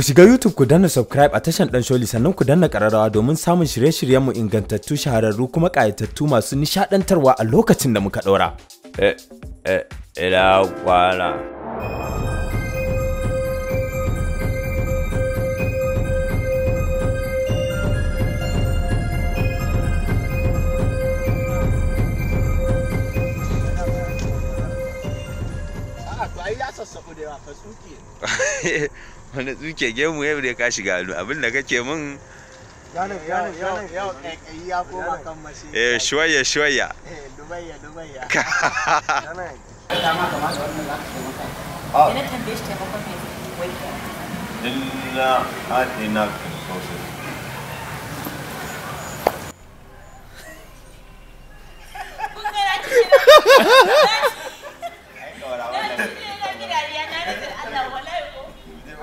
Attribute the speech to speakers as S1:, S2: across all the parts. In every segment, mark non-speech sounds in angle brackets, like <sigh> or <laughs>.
S1: Ku shiga YouTube ku danna subscribe a tashan Dan Sholi sannan ku danna ƙararrawa domin samun shirye mu ingantattu shahararru kuma ƙayatattu masu nishaɗantarwa a lokacin da muka ɗora. Eh, eh, ina kwana. wani tsuke gemu ya dai ka shiga hannu abin da kake min eh shuwaya shuwaya eh, dubayya dubayya ya <laughs>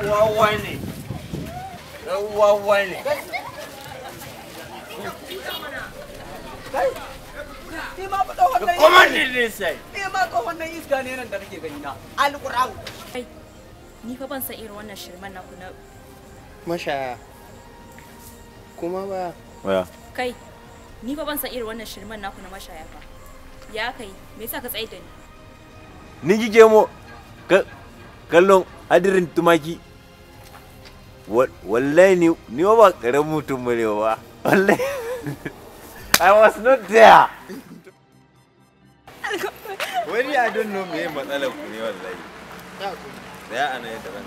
S1: wawa Ni ma fa nan ne. sai. ma nan ne nan da gani na. Alƙur'an. Kai, ni fa ban san irin wannan shirman naku na. Mashaya. Kuma ba. Waya. Kai, ni fa ban san irin wannan shirman naku na mashaya Ya kai, me yasa ka tsaye da ni? Ni gige Kallon hadirin tumaki wallahi ni ni ba karen mutum ne ba wallahi <laughs> i was not there wani i don't know me matsala ku ne wallahi da ya ana yadda ban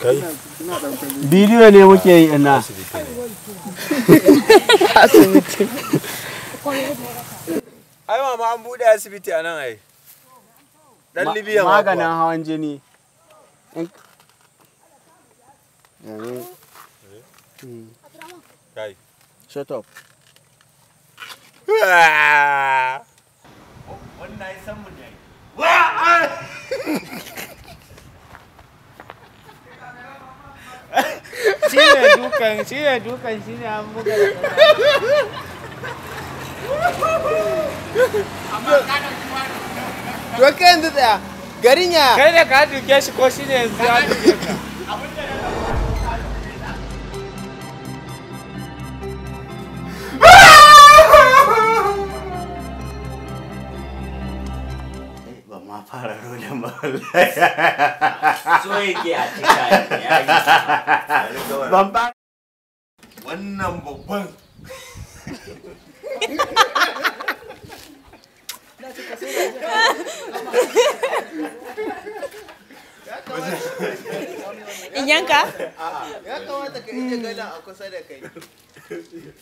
S1: kai bidiyo ne muke yi ina asibiti ai mama an buɗe asibiti a nan ai dan libya maganin hawan jini hmm. kai shut up ah! wannan ya san mu ne cire dukan cire dukan shine an buga amma ka dauki wani doka yanzu ya kai da ka duke ya duke ka ba ma fara rolin ba wallahi so ke a cikin ya ban ba wannan babban in yanka? ya kamata ka iya gala a kusa da kai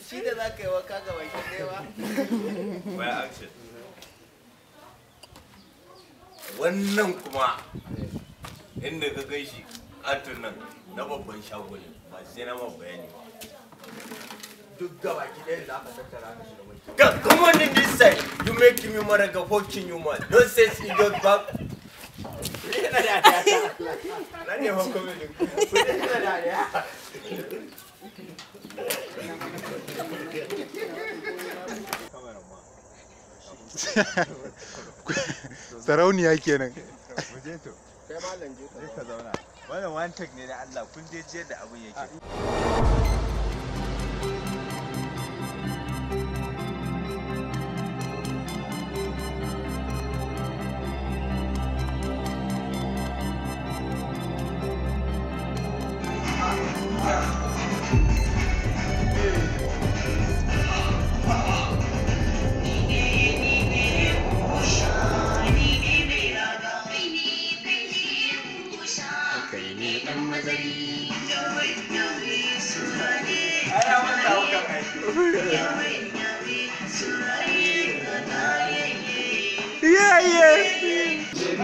S1: shi da za ka yi waka ga bakin daiwa wannan kuma inda ka kai shi katon nan na babban shago ba sai na man bayani ba duk gaba ki ɗaya za ka tattara ka shi da mai kyau come on in this side you make me more like a fucking human no sense in your back <laughs> Sarauniya kenan. kai malam je ka zauna wannan one take ne da Allah kun je jiyar da abun yake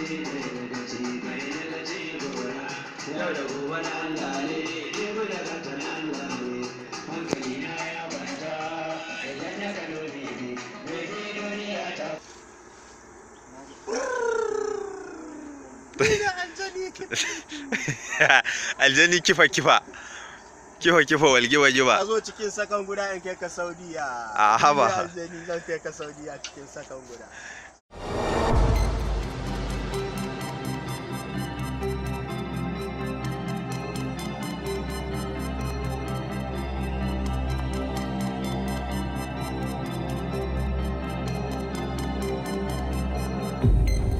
S1: <laughs> aljani kifa kifa kifa kifa walge waje ba zo cikin sakan guda in kai ka saudiya a haba aljani zan kai ka saudiya cikin sakan guda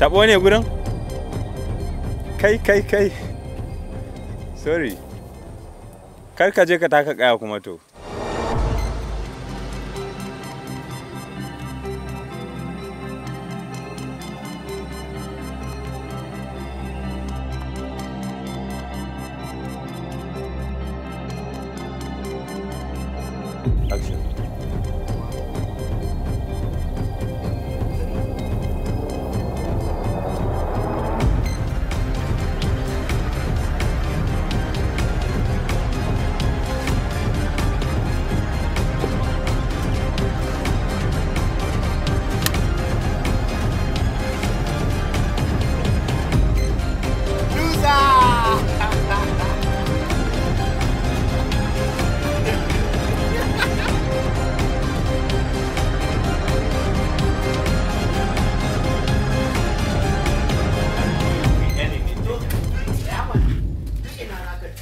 S1: taɓo ne gurin kai kai kai sorry kar ka je ka taka kaya kuma to Action.